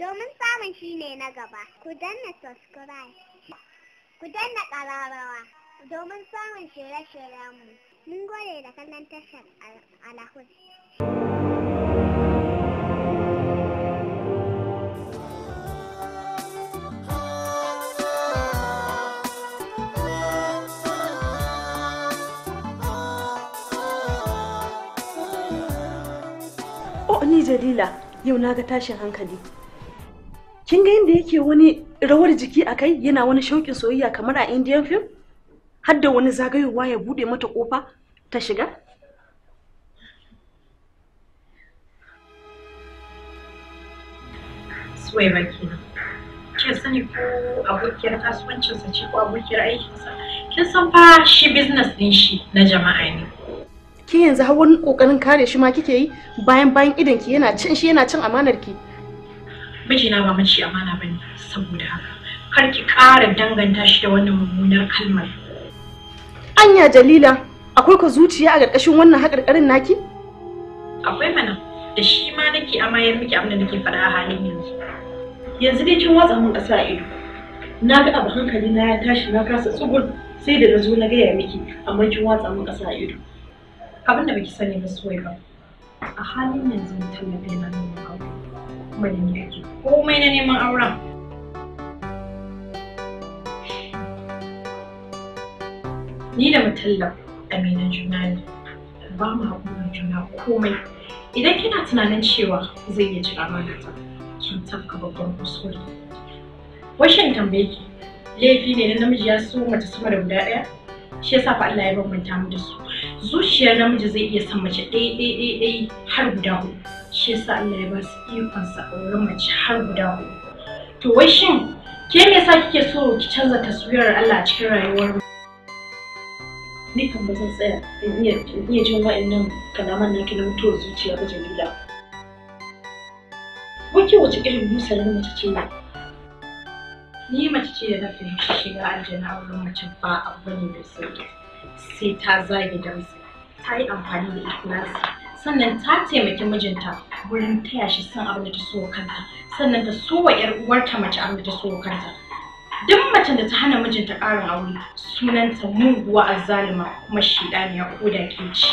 domin samun shi ne na gaba. Ku danna subscribe, ku danna ƙararrawa domin samun shirye-shiryenmu. Mun gode da kallon tashar alahun. Oh, ni Jalila, yau na ga tashin hankali. kin ga inda yake wani rawar jiki a kai yana wani shauƙin soyayya kamar a indian film har da wani zagayowa ya bude mata ƙofa ta shiga suwai baki ke sani ko abokiyar kasuwancinsa ce ko abokiyar aikinsa kin san fa shi business din shi na jama'a ne ki yanzu har wani kokarin kare shi ma kike yi bayan bayan idan ki yana cin shi yana cin amanar ki mijina ba mace amana bane saboda haka kar ki ƙara danganta shi da wannan mummunar kalmar anya jalila akwai ka zuciya a ƙarƙashin wannan haƙarƙarin naki akwai mana da shi ma nake amayar miki abin da nake faɗa a halin yanzu yanzu dai kin watsa mun ƙasa ido na ga abu hankali na ya tashi na kasa tsugun sai da na zo na gaya miki amma kin watsa mun ƙasa ido abin da baki sani ba soyayya a halin yanzu mutum na bai na nuna mutumin kirki komai na neman auren ni da mutalla aminan juna ne ba mu haƙurin juna komai idan kina tunanin cewa zai iya jira mana ta tafka babban kuskure washin laifi ne na namiji ya so mace sama da guda ɗaya shi yasa fa Allah ya bambanta mu da su zuciyar namiji zai iya san mace ɗaya ɗaya ɗaya har guda huɗu shi yasa Allah ya ba su ikon sa wurin mace har guda uku, to wai shin ke me yasa kike so ki canza taswirar Allah a cikin rayuwar mu ni kan ba zan tsaya in iya in iya jin wa'annan kalaman naki na mutuwar zuciya ba Jamila wace wace irin musalin mace ce ne ni mace ce da na fahimci shiga aljanna auren mace ba abu ne da sauki sai ta zage damsa ta yi amfani da ikhlasi sannan ta taimaki mijinta wurin taya shi san abin da ta so kanta sannan ta so wa yar uwarta mace abin da ta so kanta duk mace da ta hana mijinta ƙarin aure sunanta muguwa azzalima kuma shidaniya ko da ke ci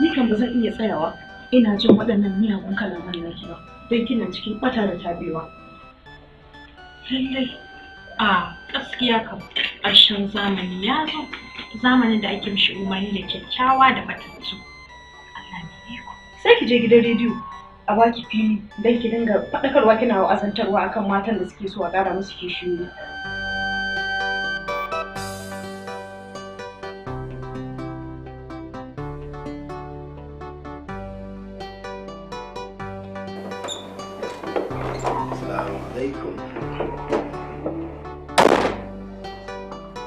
ni kan ba zan iya tsayawa ina jin waɗannan miyagun kalaman naki ba don kina cikin ɓata da tabewa lallai a gaskiya kam ƙarshen zamani ya zo zamanin da ake mishi umarni da kyakkyawa da matattu sai ki je gidan rediyo a baki fili don ki dinga faɗakarwa kina wa'azantarwa akan matan da suke so a ƙara musu kishiyoyi.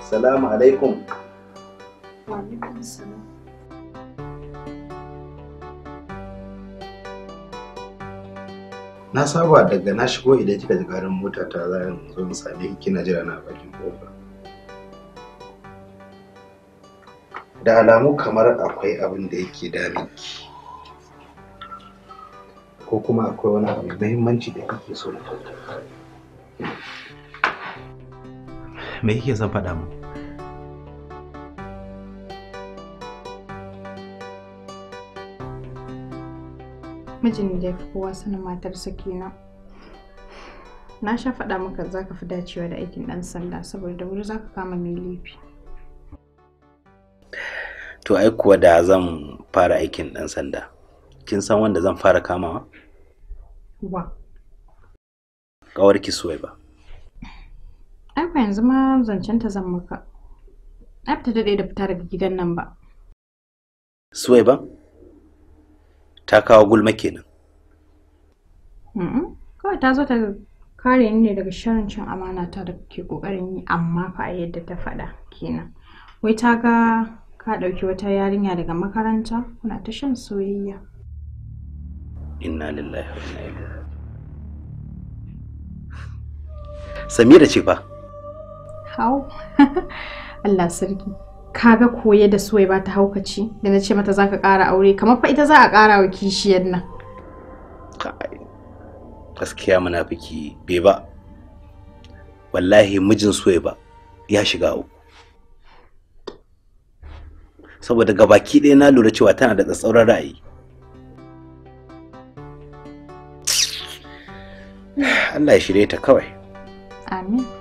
Salamu alaikum. na saba daga na shigo idan kika ji garin mota ta za in zo in same ki kina jira na baki kofa da alamu kamar akwai abin da yake damin ki ko kuma akwai wani abu muhimmanci da kike so na tattauna me yake son faɗa muku? mijin da ya fi kowa sanin matarsa kenan na sha faɗa maka za ka fi dacewa da aikin ɗan sanda saboda wuri za ka kama mai laifi to ai kuwa da zan fara aikin ɗan sanda kin san wanda zan fara kamawa wa ƙawarki suwai ba ai ba yanzu ma zancen ta zan maka ai ta daɗe da fita daga gidan nan ba suwai ba ta kawo gulma kenan kawai ta zo ta kare ni ne daga shirin cin amana ta da ke kokarin yi amma fa a yadda ta faɗa kenan wai ta ga ka ɗauki wata yarinya daga makaranta kuna ta shan soyayya inna lillahi wa inna ilaihi samira ce fa hau Allah sarki Ka ga koye da suwai ba ta haukaci da na ce mata za ka ƙara aure kamar fa ita za a ƙara wa kishiyar nan gaskiya munafiki bai ba wallahi mijin suwai ba ya shiga uku saboda gabaki ɗaya na lura cewa tana da tsatsauran ra'ayi Allah ya shirye ta kawai amin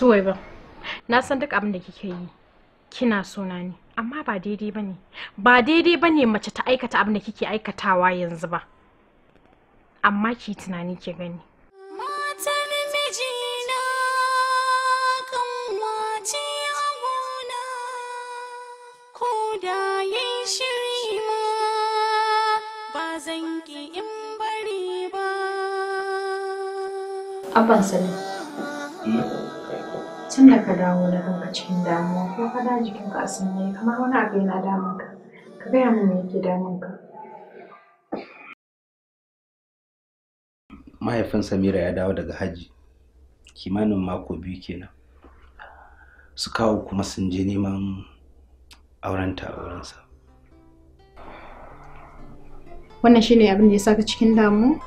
ba na san duk abin da kike yi. Kina sona ne, amma ba daidai ba ne. Ba daidai ba ne mace ta aikata abin da kike aikatawa yanzu ba. Amma ki tunani ki gani. Abban sanin. Tun da ka dawo na kanka cikin damuwa ko ka da jikinka a sanye kamar wani abu yana damun ka. Ka gaya min me yake damun ka. Mahaifin Samira ya dawo daga hajji, kimanin mako biyu kenan. Su kawo kuma sun je neman aurenta a wurinsa. Wannan shine abin da ya saka cikin damuwa?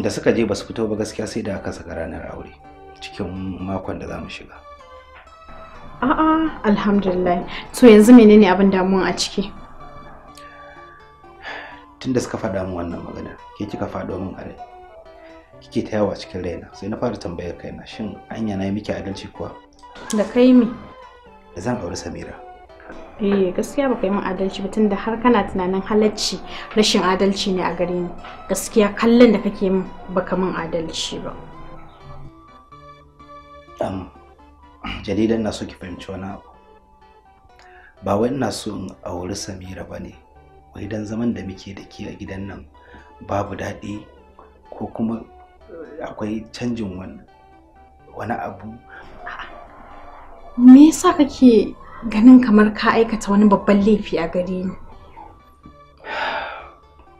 da suka je ba su fito ba gaskiya sai da aka saka ranar aure cikin makon da za mu shiga a'a alhamdulillah to yanzu menene abin damuwa a ciki tunda suka faɗa min wannan maganar ke kika faɗo min a rai kike ta yawa cikin raina sai na fara tambayar kaina shin anya na yi miki adalci kuwa da kai me da zan aure samira eh gaskiya baka yi mun adalci ba tunda har kana tunanin halacci rashin adalci ne a gare ni gaskiya kallon da kake min baka min adalci ba um, jaridan na so ki fahimci wani abu ba wai ina so in auri samira ba ne wai dan zaman da muke da ke a gidan nan babu daɗi ko kuma akwai canjin wani abu me yasa kake ganin kamar ka aikata wani babban laifi a gare ni.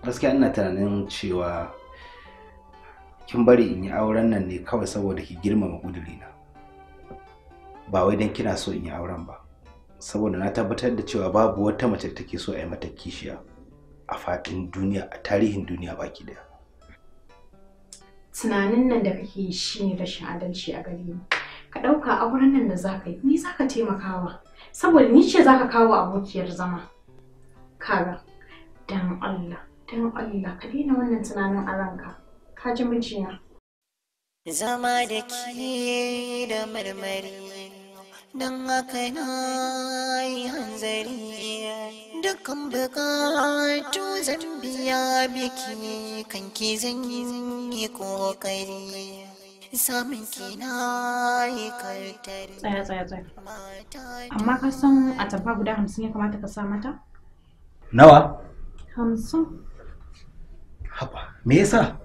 Gaskiya ina tunanin cewa kin bari in yi auren nan ne kawai saboda ki girmama na Ba wai don kina so in yi auren ba. Saboda na tabbatar da cewa babu wata mace da take so a yi mata kishiya a faɗin duniya a tarihin duniya baki daya. Tunanin nan da kake shi ne rashin adalci a gare ni. Ka ɗauka auren nan da za ka yi, ni za ka taimakawa. saboda ni ce zaka kawo abokiyar zama kaga dan Allah dan Allah ka daina wannan tunanin a ranka ka ji mijina zama da ke da marmari don haka na yi hanzari dukkan bukatu zan biya biki kan zan yi kokari tsaya tsaya tsaya amma ka san a tamfa guda hamsin ya kamata ka sa mata nawa hamsin haba me yasa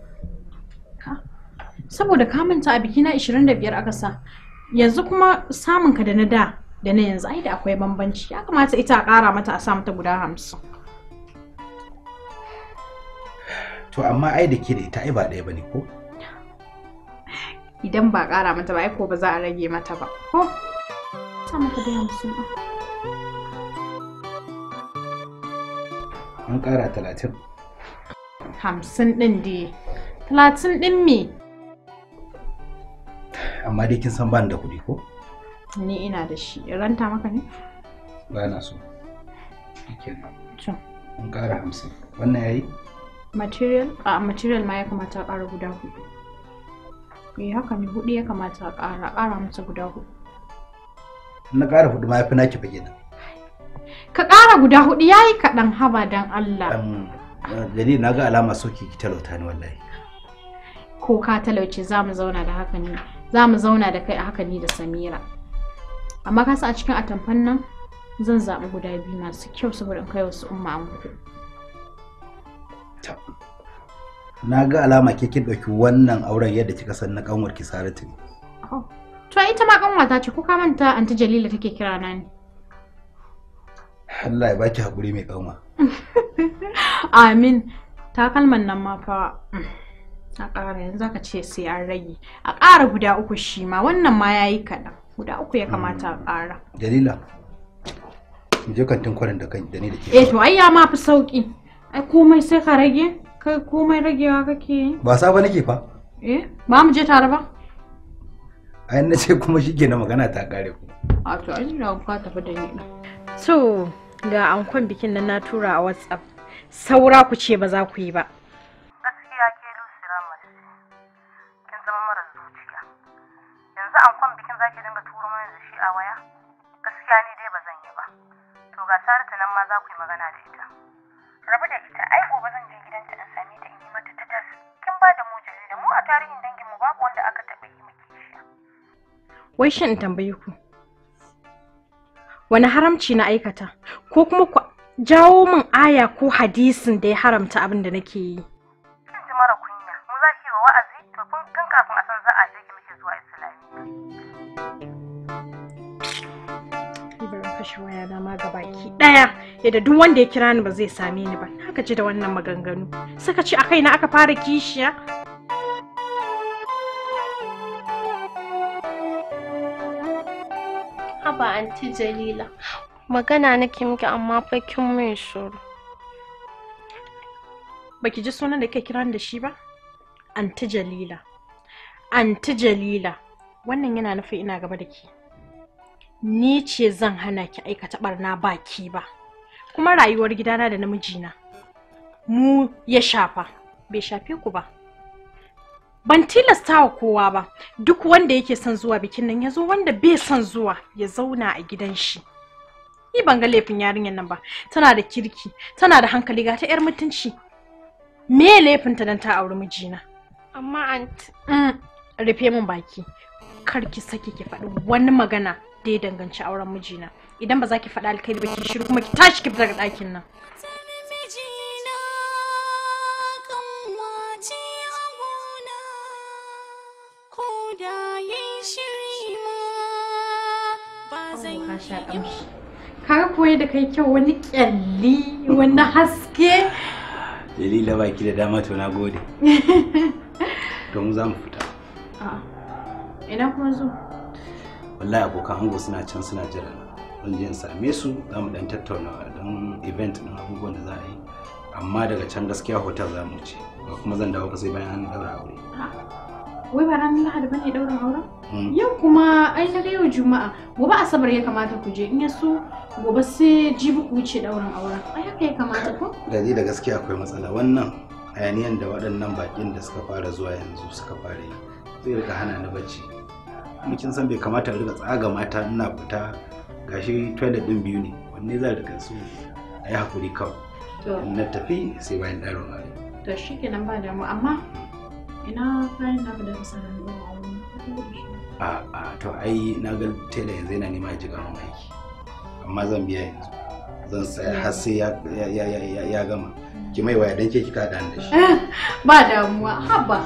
saboda ka manta a bikina 25 aka sa yanzu kuma samun ka da na da da na yanzu ai da akwai bambanci ya kamata ita a ƙara mata a sa mata guda hamsin to amma ai da ke da ita ai ba ɗaya ba ne, ko idan ba ƙara mata ba ko ba za a rage mata ba ko sa da hamsin an ƙara talatin hamsin ɗin di. talatin ɗin me amma dai kin san ban da kuɗi ko ni ina da shi ranta maka ne ba na so kenan an ƙara hamsin wannan yayi material a material ma ya kamata a ƙara guda hudu eh haka ne hudu ya kamata a ƙara ƙara masa guda hudu na ƙara hudu ma ya fi naki fage nan ka ƙara guda hudu ya yi kaɗan haba don Allah Gani na ga alama so ki talauta ni wallahi ko ka talauce za mu zauna da haka ni za mu zauna da kai a haka ni da Samira amma ka a cikin atamfan nan zan zaɓi guda biyu masu kyau saboda in kai wasu umma an Ta. na ga alama ke kin ɗauki wannan auren yadda kika san na kanwar ki Saratu ne. Oh. To ita ma ƙanwata ce ko ka manta anti Jalila take kira na ni. Allah ya baki hakuri mai kanwa. Amin. Takalman nan ma fa mm, a ƙara yanzu aka ce sai an rage. A ƙara guda uku shi ma wannan ma ya yi kaɗan. Guda uku ya kamata a mm. ƙara. Jalila, je kantin kwanan da da ni da ke. Eh to ai ya ma fi sauƙi. Ai komai sai ka rage. Kai komai ragewa kake yi? Ba sa ba nake fa. Eh, ba mu je tare ba. Ai na ce kuma shi na magana ta kare ku. A to ai na ka tafi da ni. So, ga ankon bikin na tura a WhatsApp. Saura ku ce ba za ku yi ba. ba nan ma za ku yi magana da ita. Rabu da ita ai gobe zan mu a tarihin danginmu babu wanda aka taɓa yi mu kishiya wai shin in tambayi ku wani haramci na aikata ko kuma ku jawo min aya ko hadisin da ya haramta abin da nake yi kin ji mara kunya mu za ki wa wa'azi to kun kan kafin a san za a je ki muke zuwa islamiyya bari kashe waya na ma gaba ki daya yadda duk wanda ya kira ni ba zai same ni ba na ji da wannan maganganu saka ce a kaina aka fara kishiya Ba anti jalila magana nake miki amma fa kin min shuru baki ji sunan da kai kiran da shi ba anti jalila anti jalila wannan yana nufi ina gaba da ke ni ce zan hana ki aikata barna baki ba kuma rayuwar gidana da namijina mu ya shafa bai shafe ku ba ban tilasta wa kowa ba duk wanda yake son zuwa bikin nan ya zo wanda bai son zuwa ya zauna a gidan shi ni ban ga laifin yarinyar nan ba tana da kirki tana da hankali ga ta yar mutunci me laifin ta dan ta auri mijina amma aunt mm, rufe min baki kar ki saki ki faɗi wani magana da ya danganci auren mijina idan ba za ki faɗi alkai ba ki shiru kuma ki tashi ki fita daga ɗakin nan zan yi ka koyi da kai kyau wani kyalli wani haske dalila baki da dama to na gode to mu za mu fita ina kuma zo wallahi abokan hango suna can suna jira zan je same su za mu dan tattauna dan event din abubuwan da za a yi amma daga can gaskiya hotel za mu ce ba kuma zan dawo ba sai bayan an daura aure wai ba ranar lahadi bane daurin auren hmm. yau kuma ai ta yau juma'a gobe asabar ya kamata ku je in yaso gobe sai jibi ku ce daurin auren ai haka ya kamata ko da da gaskiya akwai matsala wannan hayaniyan da waɗannan bakin da suka fara zuwa yanzu suka fara yi zai rika hana ni bacci kin san bai kamata rika tsaga mata ina fita gashi toilet din biyu ne wanne za rika su a hakuri kawai na tafi sai bayan ɗarin aure to shi kenan ba damu amma ina kayan na da kasa da a a to ai na ga tela yanzu yana nema ya jiga mun aiki amma zan biya yanzu zan tsaya har sai ya gama ki mai waya dan ke kika da da shi eh, ba damuwa haba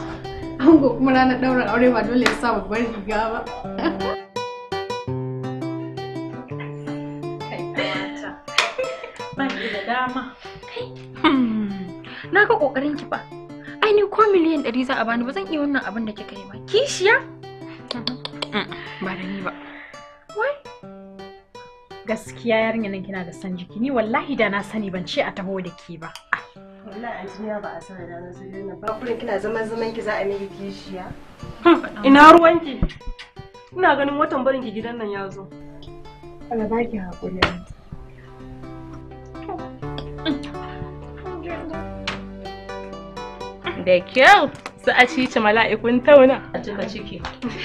ango kuma ranar ɗaurin aure ba dole ya sa babbar riga ba hmm. Na ga ƙoƙarin ki ba, ai ni ko miliyan ɗari za a bani ba zan iya wannan abin da kika yi ba kishiya mhm. ba da ni ba wai gaskiya yarinya nan kina da san jiki ni wallahi da na sani ban ce a taho da ke ba wallahi a ba a sana da na sani ba kuma kina zaman zaman ki za a miki kishiya ina ruwanki ina ganin watan barin ki gidan nan ya zo Allah baki hakuri da kyau su a cici mala'ikun tauna. A cika ciki.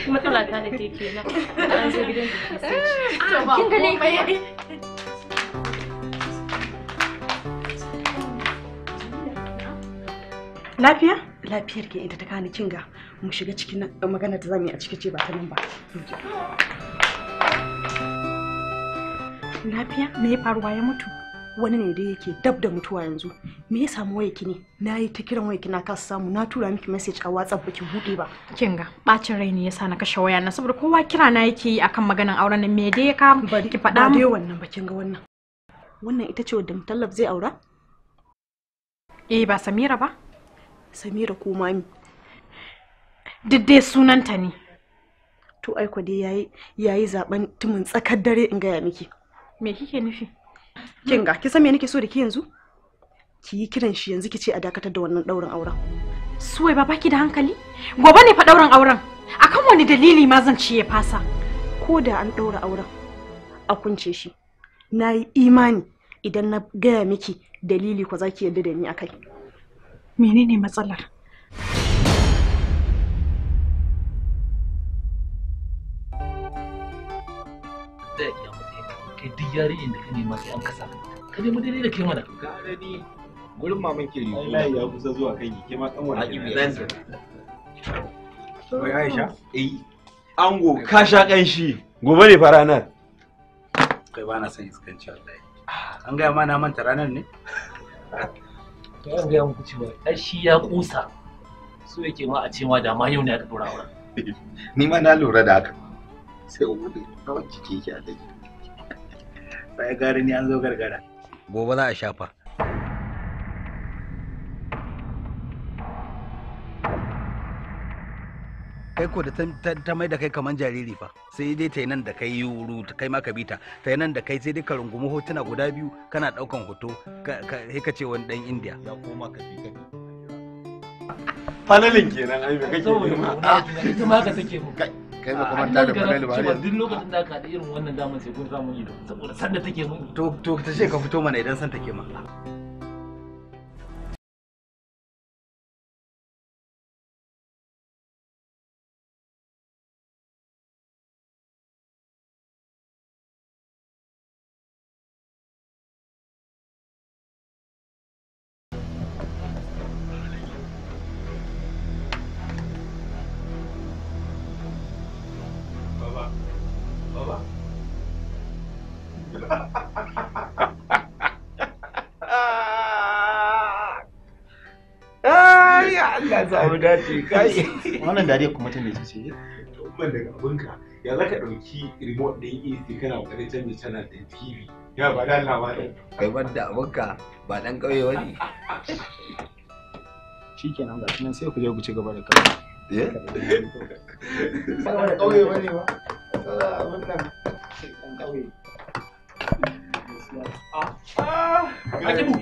Matsala ta da ke kenan. An zo gidan da ke sai. Ah, Lafiya? Lafiyar ke ita ta kani kinga. Mu shiga cikin magana da zamu yi a cikin ce ba ta nan ba. Lafiya? Me ya faruwa ya mutu? wani ne da yake dab da mutuwa yanzu me ya samu wayaki ne na yi ta kiran wayaki na kasa samu na tura miki message a whatsapp baki bude ba kin ga bacin rai ne yasa na kashe waya na saboda kowa kira na yake yi akan maganan auren nan me ya ka ki faɗa mu dai wannan bakin ga wannan wannan ita ce wadda mutallab zai aura eh ba samira ba samira ko mami duk dai sunanta ne to aiko dai yayi yayi zaben tumin tsakar dare in gaya miki me kike nufi kinga hmm. ga ki san me nake so da ki yanzu ki yi kiran shi yanzu ki ce a dakatar da wannan daurin auren suwai ba baki da hankali gobe ne fa daurin auren akan wani dalili ma zan ci ya fasa ko da an daura auren a kunce shi na yi imani idan na gaya miki dalili ko za ki yarda da ni akai menene matsalar kai duk yari inda ka ma sai an kasa ka nemi daidai da kai mana ka gani gurin maman ke rigo wallahi ya kusa zuwa kan ki kai ma kan wani zan zan wai Aisha eh ango ka sha kanshi gobe ne fara nan kai ba na san iskanci wallahi ah, an ga ma na manta ranar ne to an gaya muku cewa ai shi ya kusa so yake ma a cewa da ma yau ne aka dora wa ni ma na lura da haka sai ubu da kawai kike ki a dake sai gari ni an zo gargara gobe za a shafa kai ko da ta mai da kai kaman jariri fa sai dai ta nan da kai yuru ta kai ma bita ta nan da kai sai dai ka rungumi hotuna guda biyu kana daukan hoto sai ka ce wani dan indiya ya koma ka bi ka bi fanalin kenan ai ba kake ma ka take mu kai ba kuma ta da fadali ba duk lokacin da aka da irin wannan damar sai kun samu ido saboda da take mun to to ta ce ka fito mana idan san take ma guda kai wannan dariya kuma ta mece ce daga abinka ya za ka ɗauki remote ɗin AC kana ƙoƙarin canji channel da TV ya ba dan labarin kai da abinka ba dan ƙauye ne shikenan ga nan sai ku je ku ci gaba da kai eh ba ƙauye ba ɗan ƙauye Ya kibu!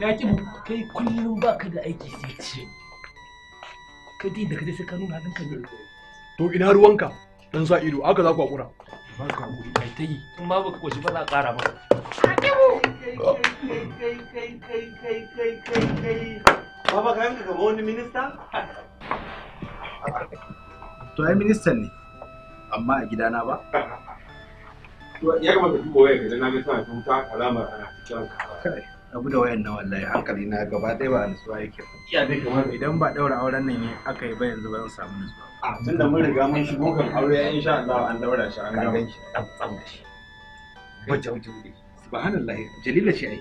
Ya Kai kullum baka da aiki sai ce. kai din da kaje sai ka nuna ɗinka ne to ina ruwanka dan sa ido haka za ku hakura ba ka hakuri kai ta yi in ma baka koshi ba za a ƙara kai Baba ka yanka kamar wani minista? To ai ministan ne, amma a gidana ba? Ya kamata duba wayar ka na ga tana ta wuta alamar ana cikin ka. rabu da wayan nan wallahi hankali na gaba ɗaya ba nutsuwa yake iya dai kamar idan ba daura auren nan aka yi ba yanzu ba zan samu nutsuwa a tun da mun riga mun shigo kan aure ya insha Allah an daura shi an gan shi dan tsam da shi wacce wacce wuce subhanallah jalila ce ai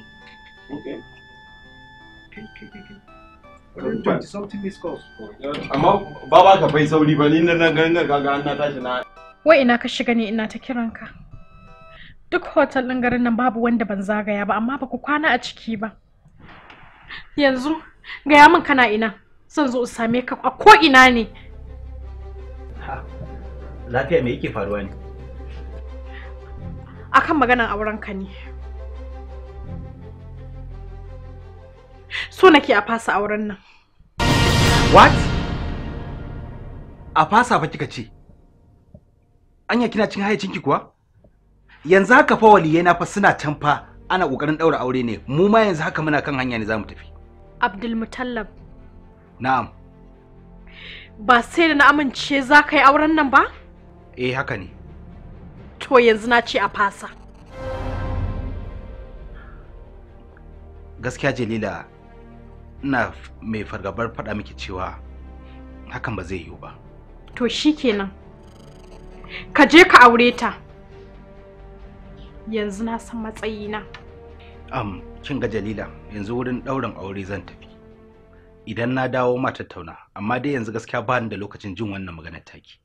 amma ba ba ka fai sauri ba ni nan ganin ka ga an na tashi na wai ina ka shiga ne ina ta kiranka duk hotel ɗin garin nan babu wanda ban zagaya ba amma ba ku kwana a ciki ba yanzu gaya min kana ina zan zo same ka a ko ina ne lafiya me yake faruwa ne akan maganan auren ka ne so nake a fasa auren nan what a fasa fa kika ce anya kina cin hayacinki kuwa yanzu haka fa waliyai na fa suna can fa ana kokarin daura aure ne mu ma yanzu haka muna kan hanya ne zamu tafi Abdul Mutallab na'am ba sai da na amince za ka yi auren nan ba eh haka ne to yanzu na ce a fasa gaskiya jalila ina mai fargabar faɗa miki cewa hakan ba zai yiwu ba to shikenan ka je ka aure ta yanzu na san matsayina am kin ga jalila yanzu wurin ɗaurin aure zan tafi idan na dawo ma tattauna amma dai yanzu gaskiya ba da lokacin jin wannan maganar taki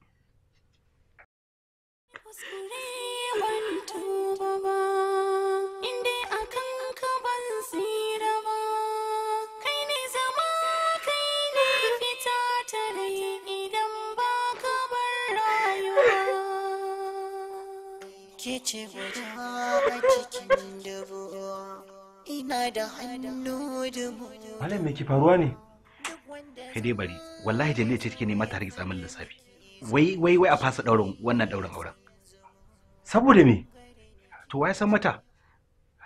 kece ce guda a cikin dubu ina da hannu mutu malam me ke faruwa ne kai dai bari wallahi jalila ce take nema ta rage tsamin lissafi wai wai wai a fasa daurin wannan daurin auren saboda me to wai san mata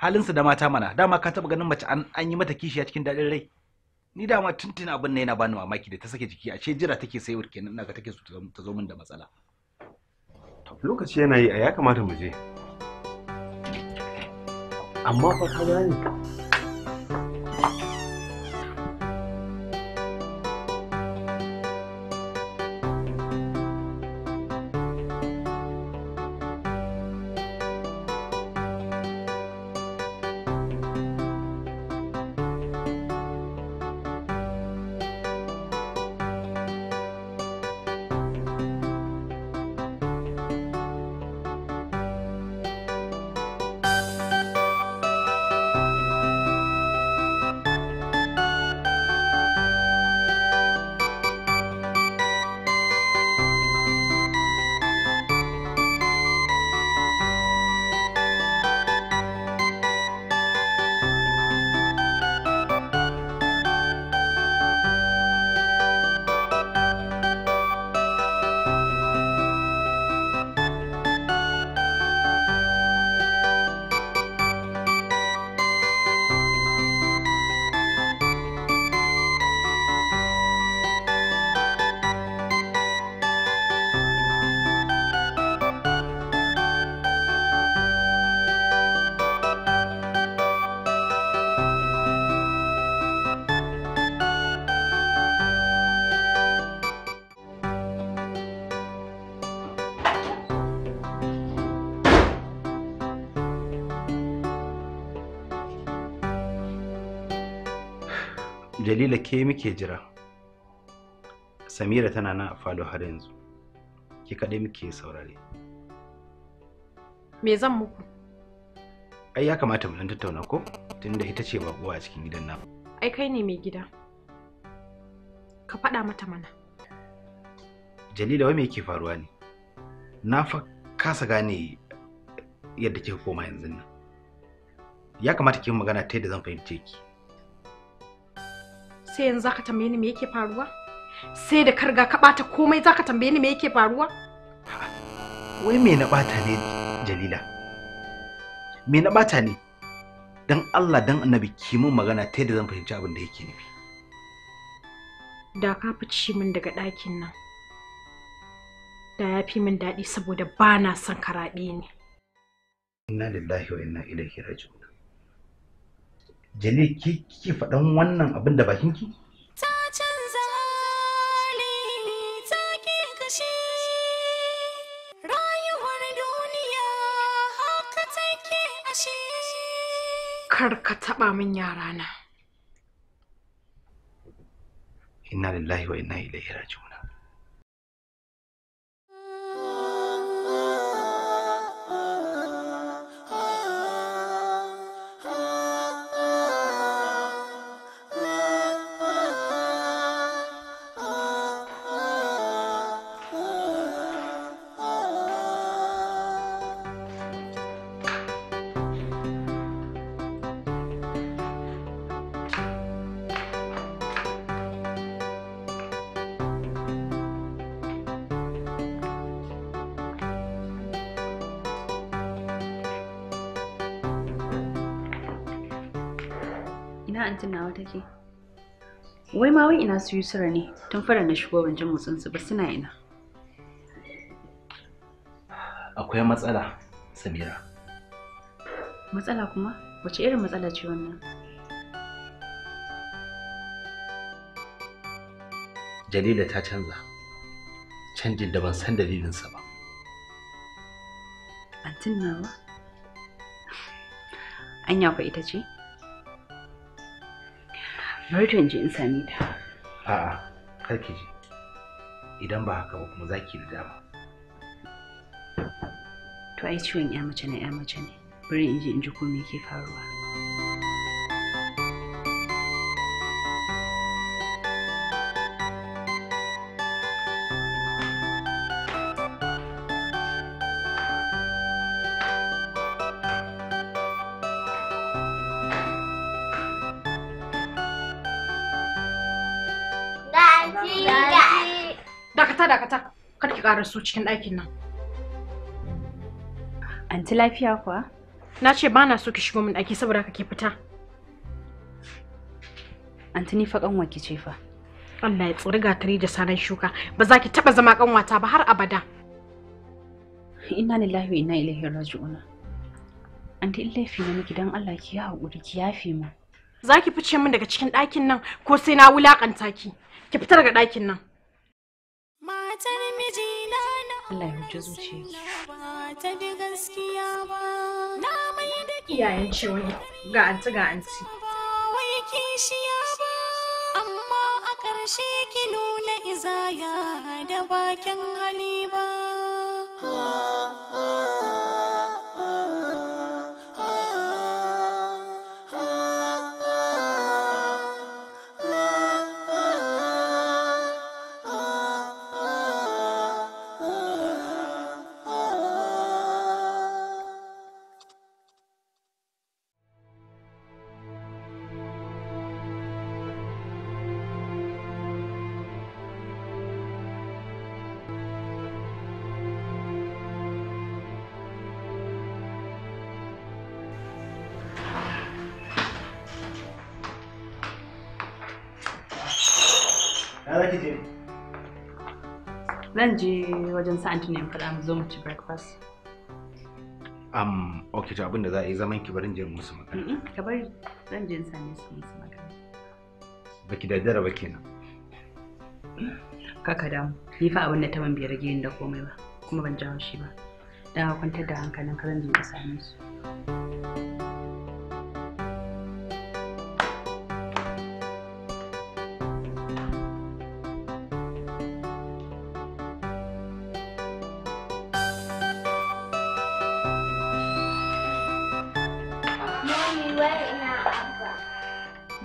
halinsu da mata mana dama ka taba ganin mace an yi mata kishiya cikin daɗin rai ni dama tuntuna abin ne yana bani mamaki da ta sake jiki a ce jira take sayar kenan naga take so ta zo min da matsala lokaci yana yi a ya kamata mu je amma fa ka gane Jalila ke muke jira. Samira tana nan a falo har yanzu. Ki kaɗai muke saurare. Me zan muku? Ai ya kamata mu tattauna ko? Tunda ita ce baƙuwa a cikin gidan nan. Ai kai ne mai gida. Ka faɗa mata mana. Jalila wai me yake faruwa ne? Na fa kasa gane yadda kika koma yanzu nan. Ya kamata ki magana ta yadda zan fahimce ki. sai yanzu zaka tambaye ni me yake faruwa sai da karga ka bata komai zaka tambaye ni me yake faruwa wai me na bata ne jalila me na bata ne dan Allah dan annabi ki mun magana ta yadda zan fahimci abin da yake nufi da ka fice min daga ɗakin nan da ya fi min daɗi saboda ba na son karaɗe ne inna lillahi wa inna ilaihi raji'un jale ki kike fadan wannan abin da bakin ki ta canza ni ta ki kashi rayu duniya haka take ashi kar ka taɓa min yara na inna lillahi wa inna ilaihi raji'un ina antin nawa take wai ma wai ina su yusura ne tun fara na shigo ban ji su ba suna ina akwai matsala samira matsala kuma wace irin matsala ce wannan jalila ta canza canjin da ban san dalilinsa ba antin nawa anya fa ita ce bari ta je in sami ta a'a kar ki ji idan ba haka ba kuma za ki dama to ai ciwon ya mace na ya mace ne bari in ji in ji ko me ke faruwa da su cikin ɗakin nan. Anti lafiya kuwa? Na ce ba na so ki shigo min ɗaki saboda kake fita. Anti ni fa kanwa ki ce fa. Allah ya tsori gatari da sanan shuka ba za ki taɓa zama kanwata ba har abada. Inna lillahi wa inna ilaihi raji'una. Anti in laifi ne miki dan Allah ki ya haƙuri ki yafe mu. Za ki fice min daga cikin ɗakin nan ko sai na wulaƙanta ki. Ki fita daga ɗakin nan. Matar miji Allah ya wuce zuciyarki. Iyayen ce wani ga anti ga anti. Amma a ƙarshe ki nuna izaya da bakin hali ba. zan je wajen sa anti ne faɗa mu zo mu ci breakfast um okay to abinda za a yi zaman ki barin je musu magana ka bari zan je ne su musu magana baki da dare ba kenan kaka damu ni fa abinda ta man bai rage ni da komai ba kuma ban jawo shi ba dan kwantar da hankalin ka zan je same su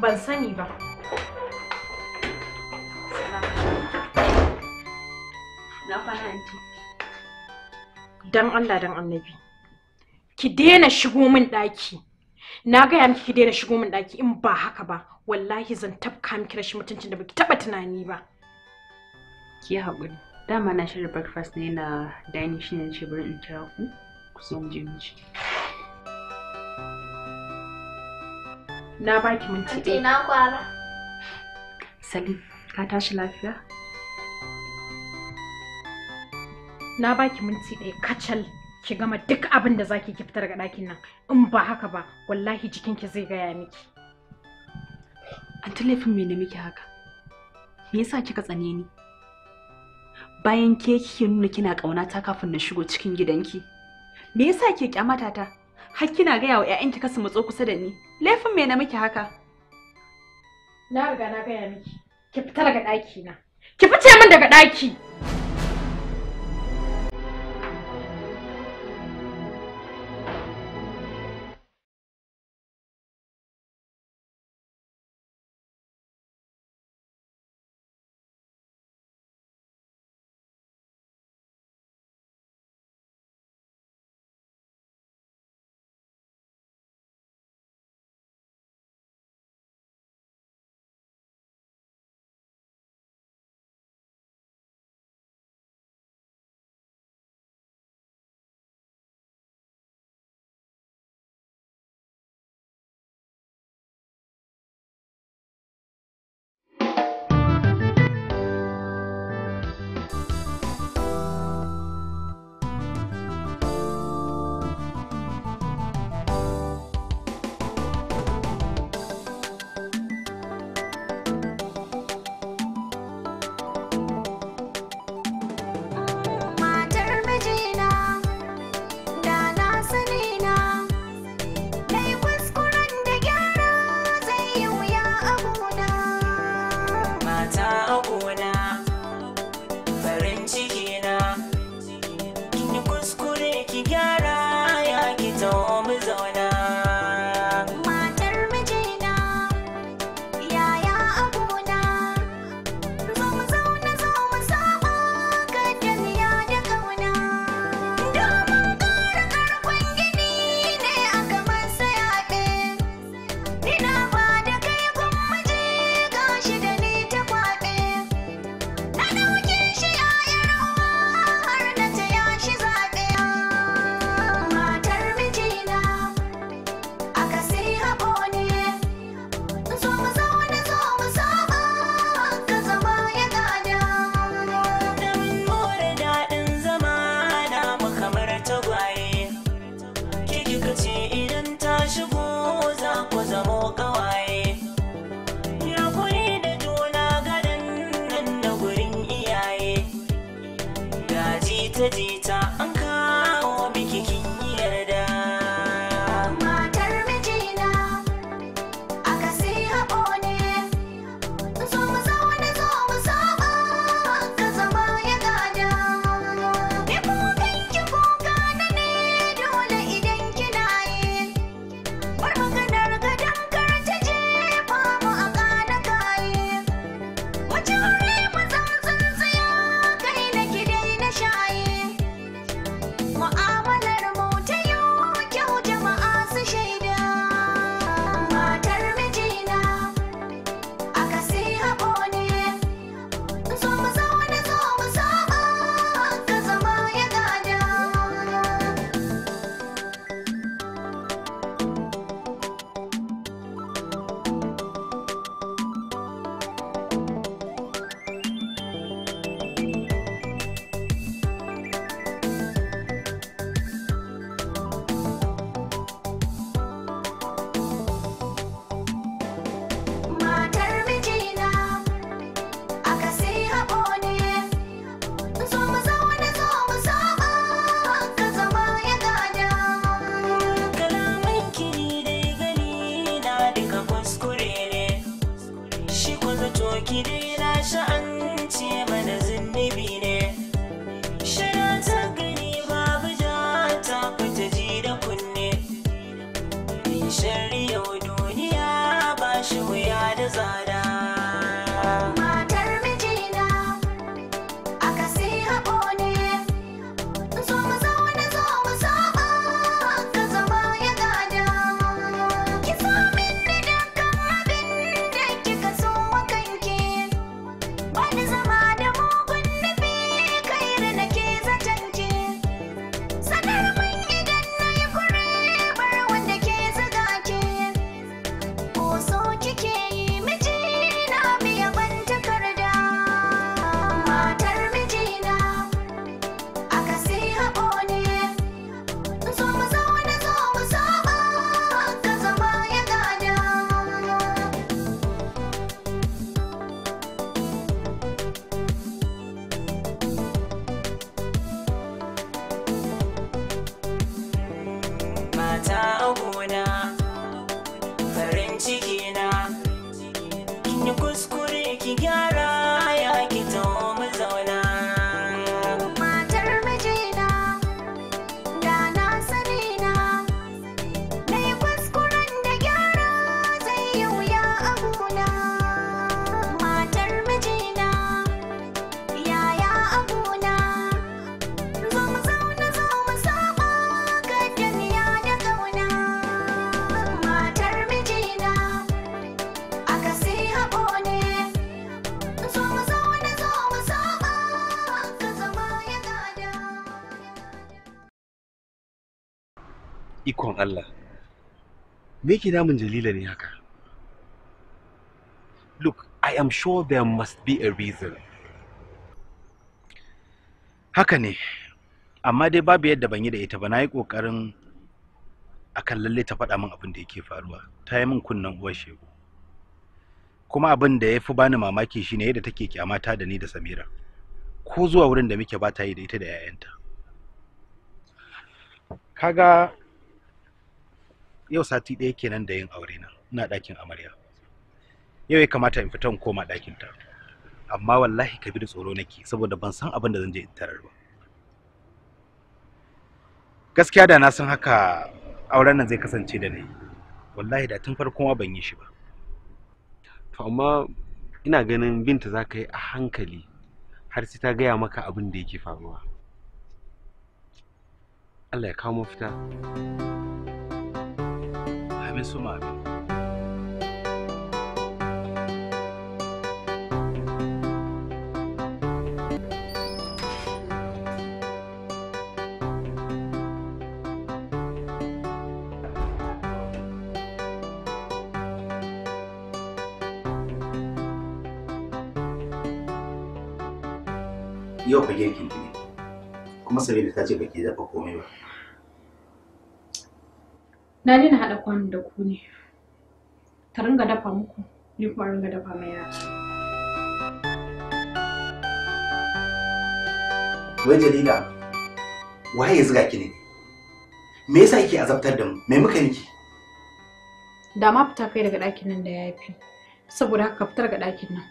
Ban sani ba. Dan Allah dan Annabi. Ki daina shigo min daki. Na gaya miki ki daina shigo min daki in ba haka ba. Wallahi zan tabka miki rashin mutuncin da baki taba tunani ba. Ki haƙuri. Dama na shirya breakfast ne na dining shi ne ce bari in kira ku. Ku zo mu je mu ci. Na baki minti ɗaya. na kwara. Salim, ka tashi lafiya? Na baki minti ɗaya kacal ki gama duk abin da zaki ki fitar ga ɗakin nan. In ba haka ba, wallahi jikinki zai gaya miki. An laifin me ne miki haka? Me yasa kika tsane ni? Bayan ke kike nuna kina ƙaunata kafin na shigo cikin gidanki. Me yasa ke kyamata ta? Har kina gaya wa 'ya'yanki kasu matso kusa da ni? lefin me na miki haka? Na riga na gaya miki. Ki fita daga ɗaki na. Ki fice min daga ɗaki. Allah me yake namun Jalila ne haka look I am sure there must be a reason haka ne amma dai babu yadda ban yi da ita ba na yi ƙoƙarin akan lalle ta faɗa min abin da yake faruwa ta yi min kunnen uwar shegu kuma abin da ya fi bani mamaki shine yadda take kyamata da ni da samira ko zuwa wurin da muke ba ta yi da ita da 'ya'yanta kaga yau sati ɗaya kenan da yin aure na ina ɗakin amarya yau ya kamata in fita in koma ɗakin ta amma wallahi da tsoro nake saboda ban san abin da zan je in tarar ba gaskiya da na san haka auren nan zai kasance da ni wallahi da tun farko ma ban yi shi ba to amma ina ganin binta za ka yi a hankali har sai ta gaya maka abin da yake faruwa Allah ya kawo mafita abençoe. yau fage ki ne kuma ele ta ce baki dafa para comer? na daina haɗa kwan da ku ne ta ringa dafa muku ni kuma ringa dafa mai yara wai jarida waye ya zuga ki ne me yasa yake azabtar da mu me muka yi da ma fita kai daga ɗakin nan da ya fi saboda haka ka fitar ga ɗakin nan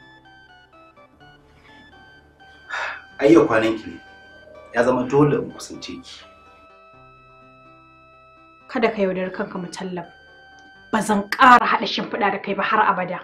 ayyo kwanan ki ne ya zama dole in kusance ki kada ka yaudari kanka mutallab ba zan ƙara haɗa shimfiɗa da kai ba har abada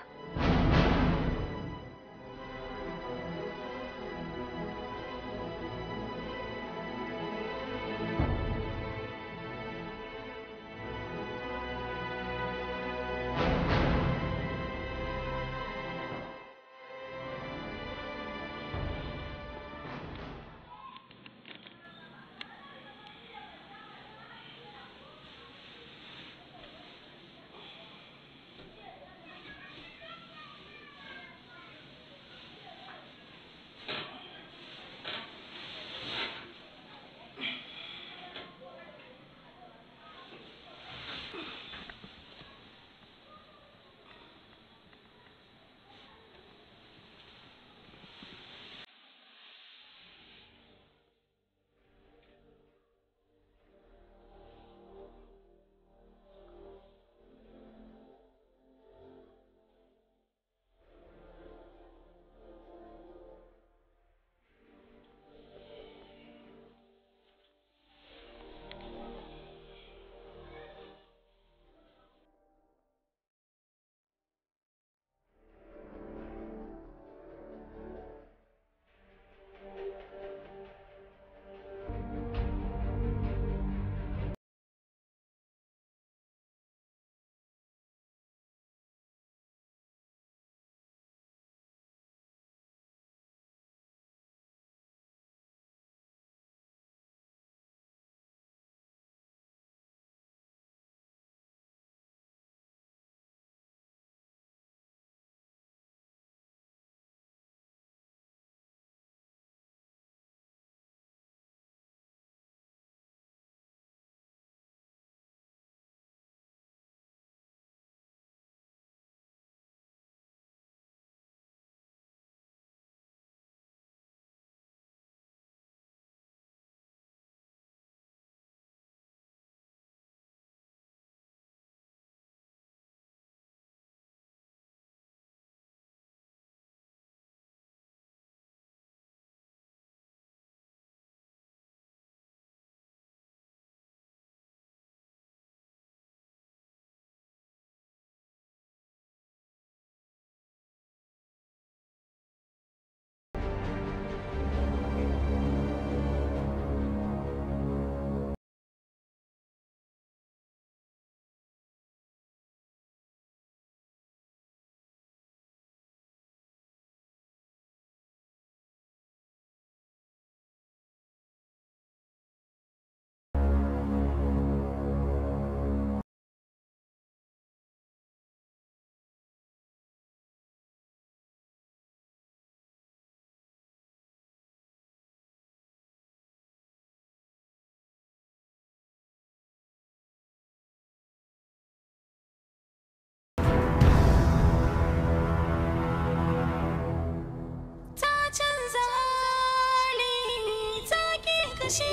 shi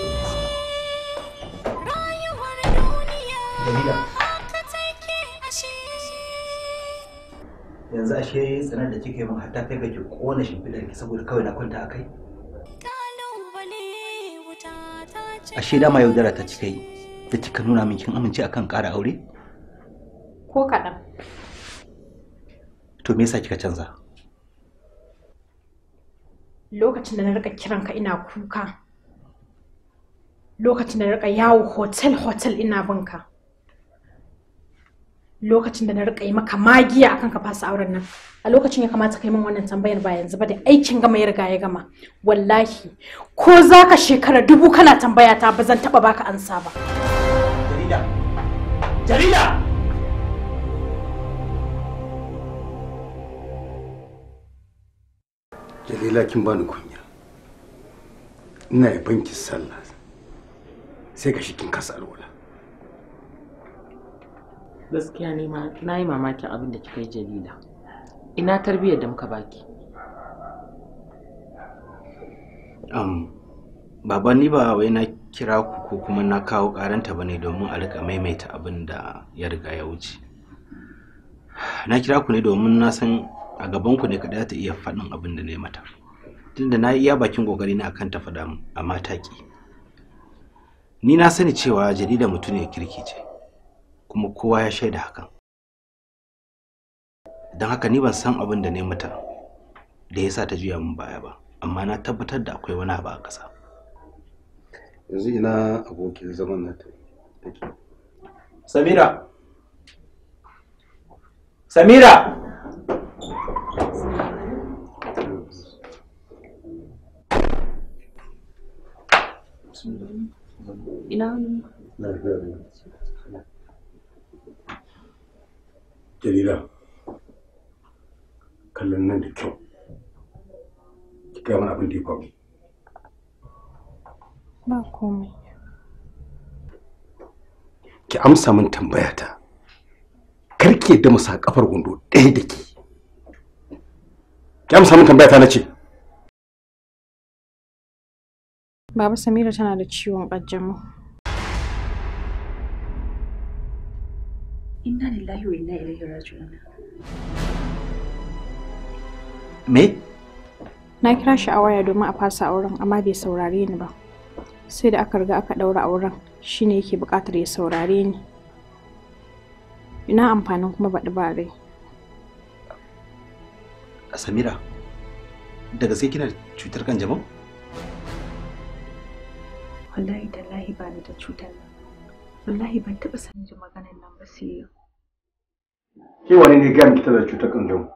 rayuwar duniya yanzu ashe tsanar da kike min hatta kai ga ki kona shimfiɗar ki saboda kawai na kwanta a kai ashe dama yaudara ta cika yi da kika nuna min kin amince akan ƙara aure ko kaɗan to me yasa kika canza lokacin da na kiran ka ina kuka lokacin da na rika yawo hotel hotel ina binka lokacin da na rika yi maka magiya akan ka fasa auren nan a lokacin ya kamata kai min wannan tambayar ba yanzu ba da aikin gama ya riga ya gama wallahi ko za ka shekara dubu kana tambaya ta ba zan taba baka ansa ba jarida jarida jarida kin bani kunya ina banki sallah sai ka shikin kasa alwala gaskiya ne ma na yi mamakin abin da kika yi jalila ina tarbiyyar da muka baki um, baba ni ba wai na kira ku ko kuma na kawo karanta ba ne domin a rika maimaita abin da ya riga ya wuce na kira ku ne domin na san a gaban ku ne kada ta iya faɗin abin da na yi mata tunda na iya bakin kokari na akan ta faɗa amma ta ni na sani cewa jarida mutum ne kirki ce kuma kowa ya shaida hakan don haka ni ban san abin da ne mata da ya sa ta juya min baya ba amma na tabbatar da akwai wani abu a ƙasa yanzu ina abokin zaman nata samira samira you. Ina hannu? Jalila, kallon nan da kyau. Ki kai mana abin da ya faru. Ba komai. Ki amsa min tambaya ta. Kar ki yadda kafar gundo ɗaya da ke. Ki amsa min tambaya ta na ce. Baba Samira tana da ciwon ƙanjamau. Inna lillahi wa inna ilaihi raji'un. Me? Na kira shi a waya domin a fasa auren amma bai saurare ni ba. Sai da aka riga aka ɗaura auren shine yake buƙatar ya saurare ni. Ina amfanin kuma baɗi ba rai. Samira, daga sai kina cutar kanjamau? wallahi tallahi ba ni da cutar nan wallahi ban taɓa sanin jin maganar nan ba sai yau ki wani ne gaya miki da cutar kanjamau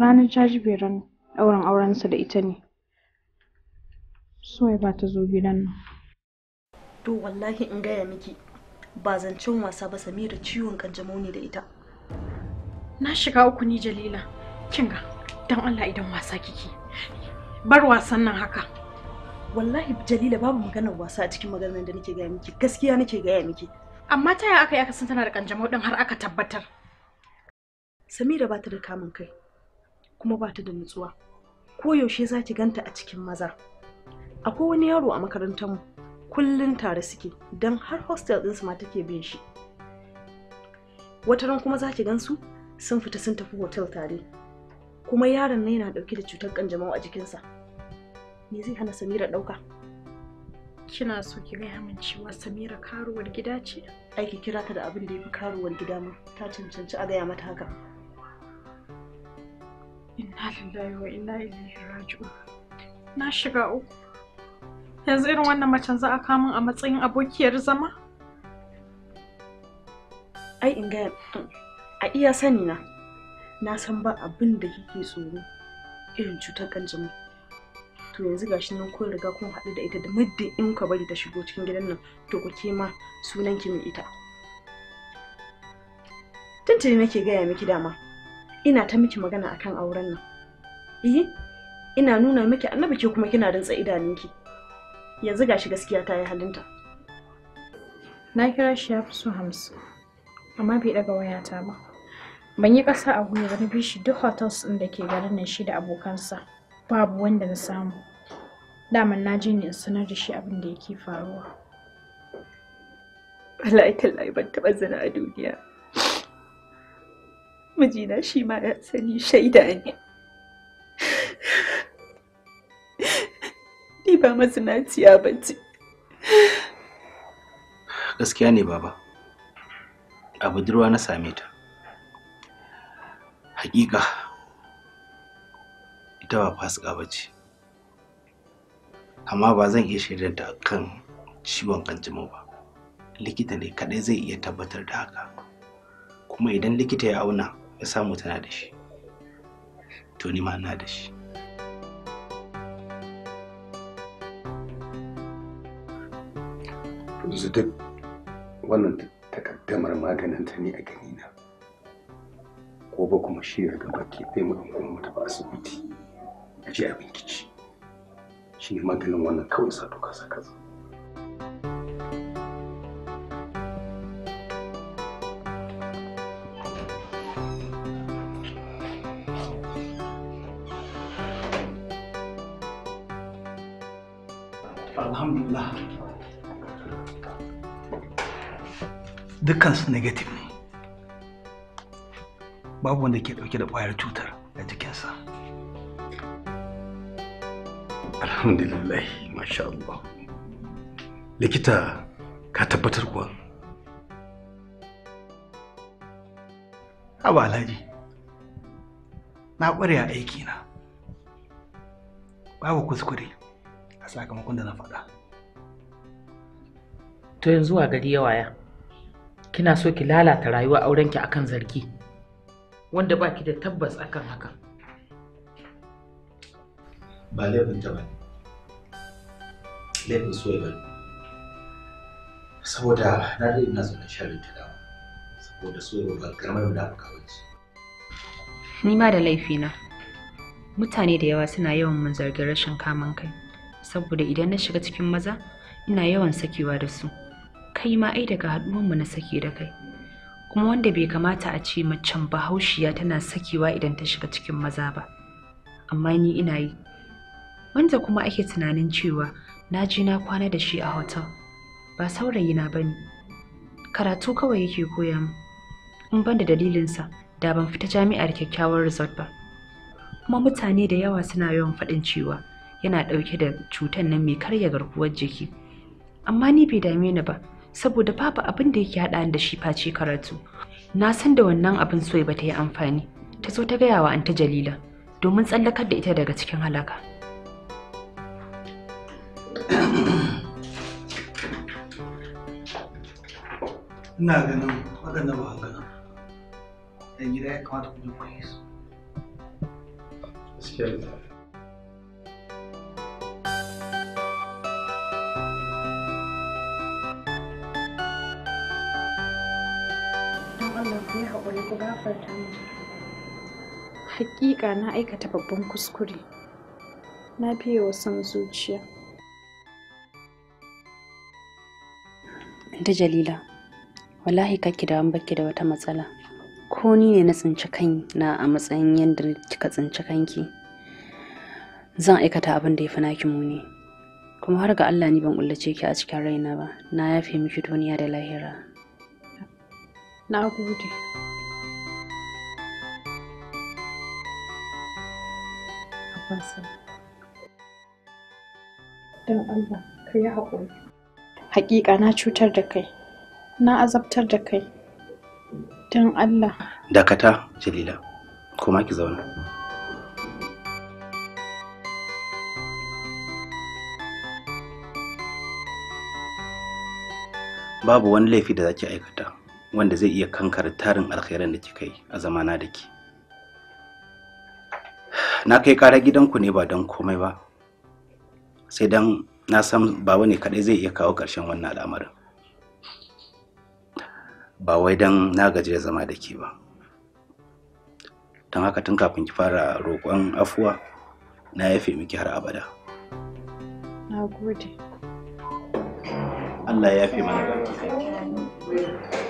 ranar jajiberin auren aurensa da ita ne suwai ba ta zo gidan nan to wallahi in gaya miki ba zancen wasa ba samira ciwon kanjamau ne da ita na shiga uku ni jalila kinga don allah idan wasa kike bar wasan nan haka wallahi jalila babu maganar wasa a cikin maganar da nake gaya miki gaskiya nake gaya miki amma ta yaya aka yi aka san tana da kanjamau din har aka tabbatar samira ba ta da kamun kai kuma ba ta da nutsuwa Ko yaushe za ki ganta a cikin maza akwai wani yaro a makarantar mu. kullum tare suke dan har hostel ɗinsu ma take bin shi wata ran kuma za ki gansu sun fita sun tafi hotel tare kuma yaron nan yana dauke da cutar kanjamau a jikinsa me zai hana samira dauka kina so ki gaya min cewa samira karuwar gida ce aiki kira ta da abin da ya fi karuwar gida ma ta cancanci a gaya mata haka inna lillahi wa inna ilaihi raji'un na shiga uku yanzu irin wannan macen za a kama a matsayin abokiyar zama ai in gaya a iya sani na na san ba abin da kike tsoro irin cutar kanjamu to yanzu gashi nan kun riga kun haɗu da ita da muddin in ka bari ta shigo cikin gidan nan to ku ke ma sunan ki mai ita tuntuni nake gaya miki dama ina ta miki magana akan auren nan eh ina nuna miki annabi ke kuma kina rintsa idanunki yanzu gashi gaskiya ta yi halinta na kira shi ya fi so hamsin amma bai daga wayata ba ban yi ƙasa a gwiwa na bi duk hotels ɗin da ke garin nan shi da abokansa babu wanda na samu daman na je ne sanar da shi abin da yake faruwa wallahi ban taɓa zina a duniya mijina shi ma ya sani shaida ne ni ba mazinaciya ba ce gaskiya ne baba a budurwa na same ta Haƙiƙa ita ba fasika ba ce, amma ba zan iya shaidar da kan ciwon kanjamau ba. Likita ne kaɗai zai iya tabbatar da haka, kuma idan likita ya auna ya samu tana da shi, to ni ma ina da shi. Yanzu duk wannan takaddamar maganin ta ne a ganina. gobe kuma shi ya gaba ke ɗaya mu ɗan kuma asibiti a a binkici shi ne maganin wannan kawai sa doka sa kaza. Alhamdulillah. su negative ne. babu wanda ke dauke da ƙwayar cutar a jikinsa alhamdulillah masha Allah likita ka tabbatar kuwa haba alhaji na ƙware a aikina babu kuskure a sakamakon da na faɗa to yanzu a gari yawaya kina so ki lalata rayuwa aurenki akan zargi wanda ba ki da tabbas akan hakan. Ba laifin ta ba laifin so ba saboda na da ina zuwa sharin ta dama, saboda so ba karamar da aka kawo Ni ma da laifina. Mutane da yawa suna yawan mun zargin rashin kaman kai saboda idan na shiga cikin maza ina yawan sakewa da su. Kai ma ai daga haɗuwanmu na sake da kai. kuma wanda bai kamata a ce macen bahaushiya tana sakewa idan ta shiga cikin maza ba amma ni ina yi wanda kuma ake tunanin cewa na je na kwana da shi a hotel ba saurayi na bane karatu kawai yake koya mu in ban da dalilinsa da ban fita jami'ar kyakkyawar resort ba kuma mutane da yawa suna yawan faɗin cewa yana ɗauke da cutar nan mai karya garkuwar jiki amma ni bai dame ni ba saboda babu abin da yake haɗa da shi face karatu na san da wannan abin soyi ba ta yi amfani ta zo ta gaya wa anta jalila domin tsallakar da ita daga cikin halaka ina ganin waɗanda ba ganin Dan gida ya kamata ku je ku yi su ne haƙuri ku gafarta mu hakika na aikata babban kuskure na fiye wa son zuciya da jalila wallahi kake da baki da wata matsala ko ni ne na tsinci kan na a matsayin yadda kika tsinci kanki zan aikata abin da ya fi naki muni kuma har ga Allah ni ban ullace ki a cikin raina ba na yafe miki duniya da lahira na gode don allah ka yi haƙuri haƙiƙa na cutar da kai na azabtar da kai don allah dakata jalila kuma ki zauna babu wani laifi da zaki aikata wanda zai iya kankara tarin alkhairan da kika yi a zamana da ke na kai kara gidanku ne ba don komai ba sai don na san baba ne kadai zai iya kawo ƙarshen wannan al'amarin ba wai don na gaji da zama da ke ba don haka tun kafin ki fara roƙon afuwa na yafe miki har abada na gode Allah ya fi mana baki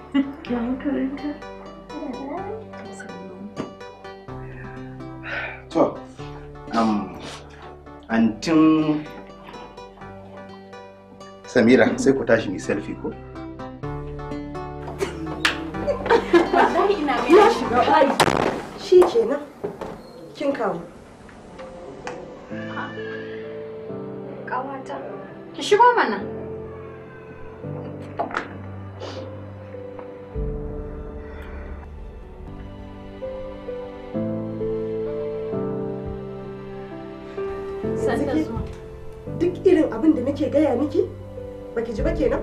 Samira sai ku tashi mu selfie ko? Wallahi ina mai shiga bai. Shi kenan. Kin kawo. Kawata. Ki shigo mana. Duk irin abin da nake gaya miki? baki ji ba kenan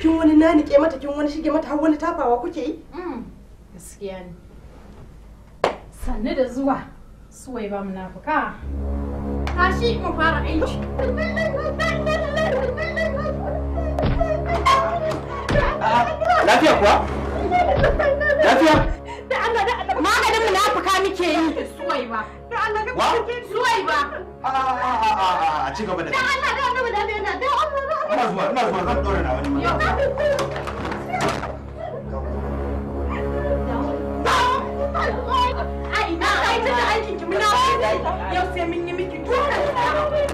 kin wani nanike mata kin wani shige mata har wani tafawa kuke yi gaskiya ne sannu da zuwa suwai ba munafuka tashi mu fara aiki ah, lafiya kuwa lafiya da Allah da Allah maganin munafuka muke yi suwai ba da Allah da kai ba. A ci gaba da. Allah da da da Allah. Ina zuwa ina zuwa zan wani Ai, na ta aikin ki muna yau sai mun yi miki dole.